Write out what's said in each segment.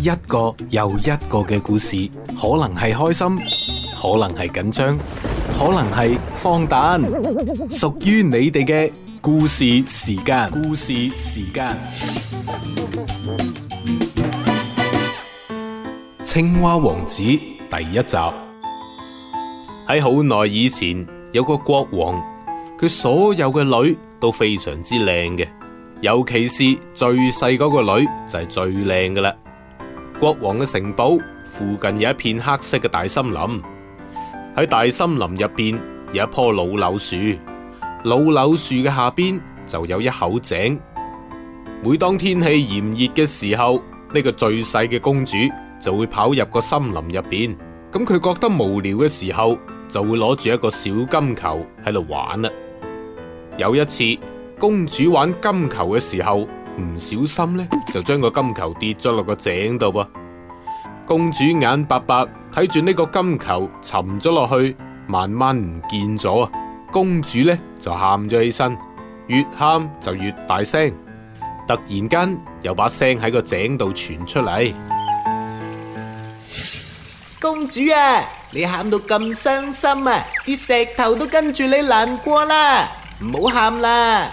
一個又一個嘅故事，可能係開心，可能係緊張，可能係荒誕，屬於你哋嘅故事時間。故事時間，青蛙王子第一集，喺好耐以前，有個國王，佢所有嘅女都非常之靚嘅，尤其是最細嗰個女，就係最靚㗎喇。國王嘅城堡附近有一片黑色嘅大森林，喺大森林入邊有一棵老柳樹，老柳樹嘅下邊就有一口井。每當天氣炎熱嘅時候，呢個最細嘅公主就會跑入個森林入邊。咁佢覺得無聊嘅時候，就會攞住一個小金球喺度玩啦。有一次，公主玩金球嘅時候，唔小心呢，就將個金球跌咗落個井度噃。公主眼白白睇住呢個金球沉咗落去，慢慢唔見咗啊！公主呢，就喊咗起身，越喊就越大聲。突然間有把聲喺個井度傳出嚟。公主啊，你喊到咁傷心啊！啲石頭都跟住你難過啦，唔好喊啦。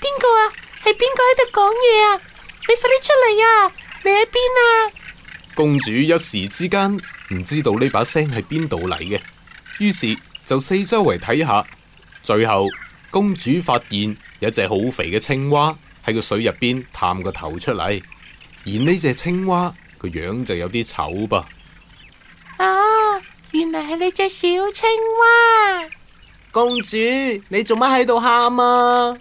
邊個啊？係邊個喺度講嘢啊？你快啲出嚟啊！你喺邊啊？公主一時之間唔知道呢把聲係邊度嚟嘅，於是就四周圍睇下。最後公主發現有一隻好肥嘅青蛙喺個水入邊探個頭出嚟，而呢隻青蛙個樣就有啲醜噃。啊！原來係你隻小青蛙。公主，你做乜喺度喊啊？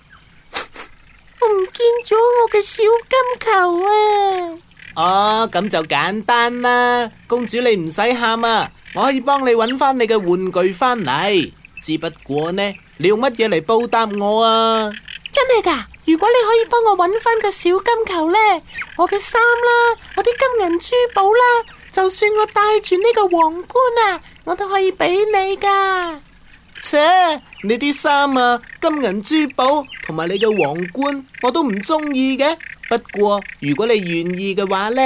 見咗我嘅小金球啊！哦，咁就簡單啦，公主你唔使喊啊，我可以幫你揾返你嘅玩具返嚟。只不過呢，你用乜嘢嚟報答我啊？真係噶，如果你可以幫我揾返個小金球呢，我嘅衫啦，我啲金銀珠寶啦，就算我戴住呢個皇冠啊，我都可以俾你噶。切！你啲衫啊、金銀珠寶同埋你嘅皇冠，我都唔中意嘅。不過如果你願意嘅話呢，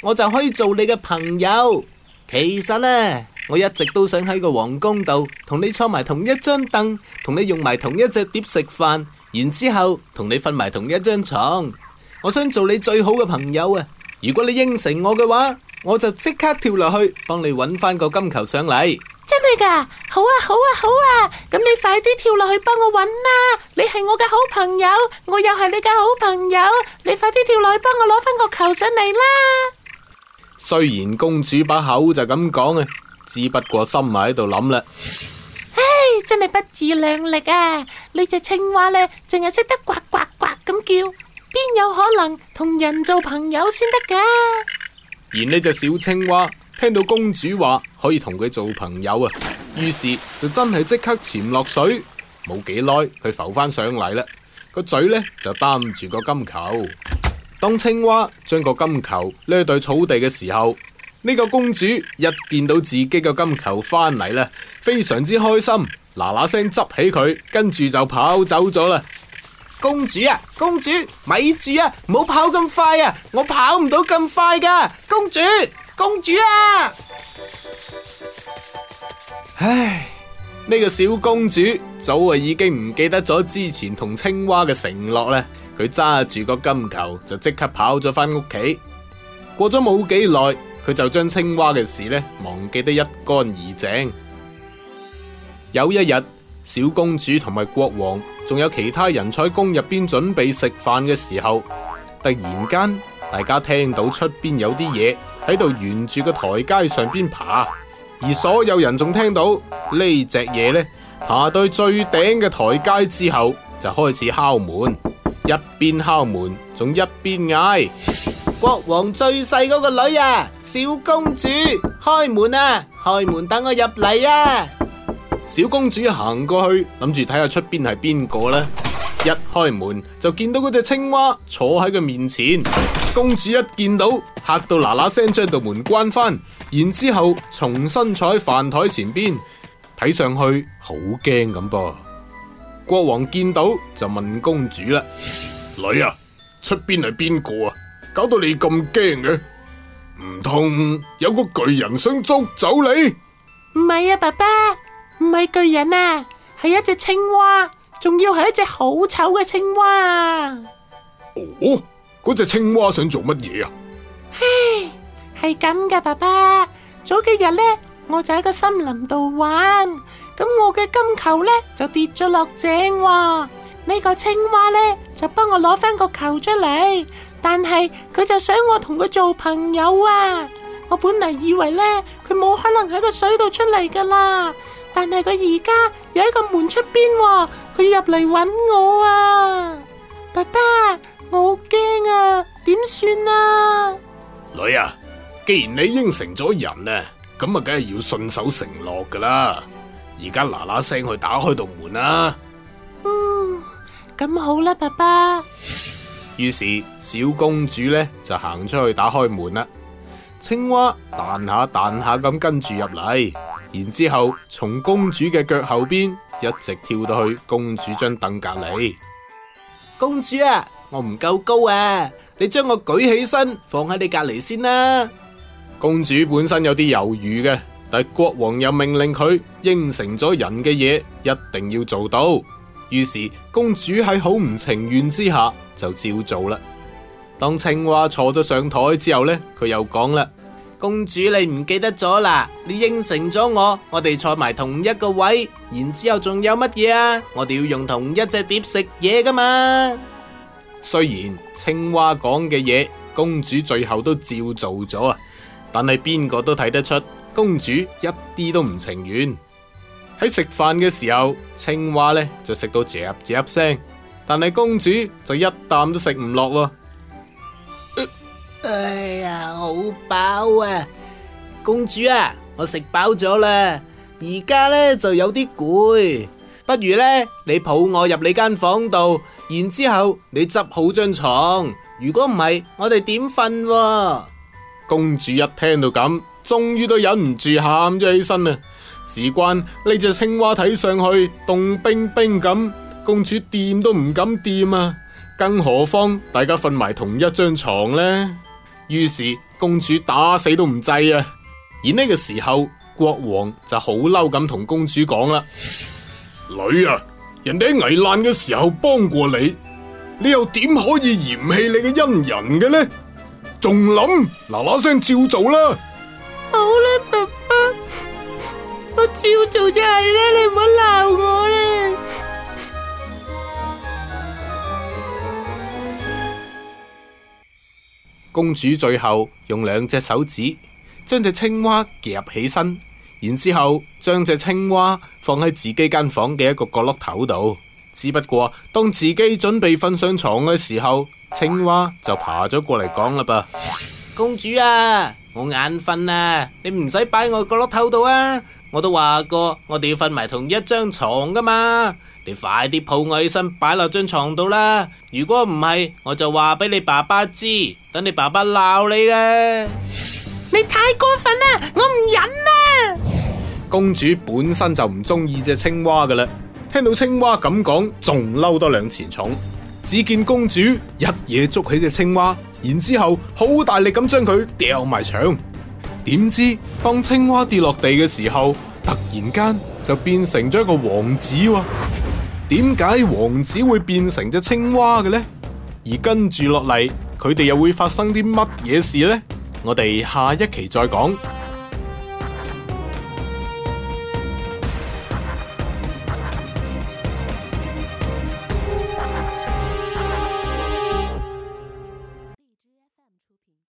我就可以做你嘅朋友。其實呢，我一直都想喺個皇宮度同你坐埋同一張凳，同你用埋同一隻碟食飯，然之後同你瞓埋同一張床。我想做你最好嘅朋友啊！如果你應承我嘅話，我就即刻跳落去幫你搵翻個金球上嚟。真係噶，好啊，好啊，好啊！咁你快啲跳落去幫我揾啦！你係我嘅好朋友，我又係你嘅好朋友，你快啲跳落去幫我攞翻個球上嚟啦！雖然公主把口就咁講啊，只不過心埋喺度諗啦。唉，真係不自量力啊！呢隻青蛙呢，淨係識得呱呱呱咁叫，邊有可能同人做朋友先得㗎！而呢隻小青蛙。聽到公主話可以同佢做朋友啊，於是就真係即刻潛落水。冇幾耐佢浮翻上嚟啦，個嘴呢就擔住個金球。當青蛙將個金球呢對草地嘅時候，呢個公主一見到自己嘅金球返嚟啦，非常之開心，嗱嗱聲執起佢，跟住就跑走咗啦。公主啊，公主，咪住啊，唔好跑咁快啊，我跑唔到咁快㗎，公主。公主啊！唉，呢個小公主早啊已經唔記得咗之前同青蛙嘅承諾咧。佢揸住個金球就即刻跑咗返屋企。過咗冇幾耐，佢就將青蛙嘅事呢忘記得一乾二淨。有一日，小公主同埋國王仲有其他人喺宮入邊準備食飯嘅時候，突然間大家聽到出邊有啲嘢。喺度沿住個台階上邊爬，而所有人仲聽到呢隻嘢呢。爬到最頂嘅台階之後，就開始敲門，一邊敲門仲一邊嗌：國王最細嗰個女啊，小公主，開門啊，開門，等我入嚟啊！小公主行過去，諗住睇下出邊係邊個呢，一開門，就見到嗰隻青蛙坐喺佢面前。公主一見到嚇到嗱嗱聲，將道門關翻，然之後重新坐喺飯台前邊，睇上去好驚咁噃。國王見到就問公主啦：女啊，出邊係邊個啊？搞到你咁驚嘅？唔通有個巨人想捉走你？唔係啊，爸爸，唔係巨人啊，係一隻青蛙，仲要係一隻好醜嘅青蛙。哦。嗰隻青蛙想做乜嘢啊？唉，係咁嘅，爸爸。早幾日呢，我就喺個森林度玩，咁我嘅金球呢，就跌咗落井喎。哦。呢、呢個青蛙呢，就幫我攞翻個球出嚟，但係佢就想我同佢做朋友啊。我本嚟以為呢，佢冇可能喺個水度出嚟噶啦，但係佢而家又喺個門出邊，佢入嚟揾我啊，爸爸。我好驚啊！點算啊？女啊，既然你應承咗人呢，咁啊，梗係要信守承諾噶啦。而家嗱嗱聲去打開道門啦，啊。嗯，咁好啦，爸爸。於是小公主呢就行出去打開門啦。青蛙彈下彈下咁跟住入嚟，然之後從公主嘅腳後邊一直跳到去公主張凳隔籬。公主啊！我唔夠高啊！你將我舉起身，放喺你隔籬先啦。公主本身有啲猶豫嘅，但係國王又命令佢應承咗人嘅嘢，一定要做到。於是公主喺好唔情願之下就照做啦。當青蛙坐咗上台之後呢，佢又講啦：公主，你唔記得咗啦？你應承咗我，我哋坐埋同一個位，然之後仲有乜嘢啊？我哋要用同一隻碟食嘢㗎嘛。雖然青蛙講嘅嘢，公主最後都照做咗啊，但係邊個都睇得出公主一啲都唔情願。喺食飯嘅時候，青蛙呢就食到嚼嚼聲，但係公主就一啖都食唔落。哎呀，好飽啊！公主啊，我食飽咗啦，而家呢就有啲攰，不如呢，你抱我入你間房度。然之後你執好張床，如果唔係，我哋點瞓？公主一聽到咁，終於都忍唔住喊咗起身啦。事關呢隻青蛙睇上去凍冰冰咁，公主掂都唔敢掂啊，更何況大家瞓埋同一張床呢？於是公主打死都唔制啊！而呢個時候，國王就好嬲咁同公主講啦：女啊！人哋喺危難嘅時候幫過你，你又點可以嫌棄你嘅恩人嘅呢？仲諗，嗱嗱聲照做啦！好啦，爸爸，我照做就係啦，你唔好鬧我啦。公主最後用兩隻手指將隻青蛙夾起身。然之後將隻青蛙放喺自己間房嘅一個角落頭度。只不過當自己準備瞓上床嘅時候，青蛙就爬咗過嚟講啦噃：公主啊，我眼瞓啦，你唔使擺我角落頭度啊！我都話過，我哋要瞓埋同一張床噶嘛。你快啲抱我起身，擺落張床度啦！如果唔係，我就話俾你爸爸知，等你爸爸鬧你啦！你太過分啦，我唔忍啦！公主本身就唔中意隻青蛙嘅啦，聽到青蛙咁講，仲嬲多兩錢重。只見公主一嘢捉起隻青蛙，然之後好大力咁將佢掟埋牆。點知當青蛙跌落地嘅時候，突然間就變成咗一個王子喎。啊？點解王子會變成隻青蛙嘅呢？而跟住落嚟，佢哋又會發生啲乜嘢事呢？我哋下一期再講。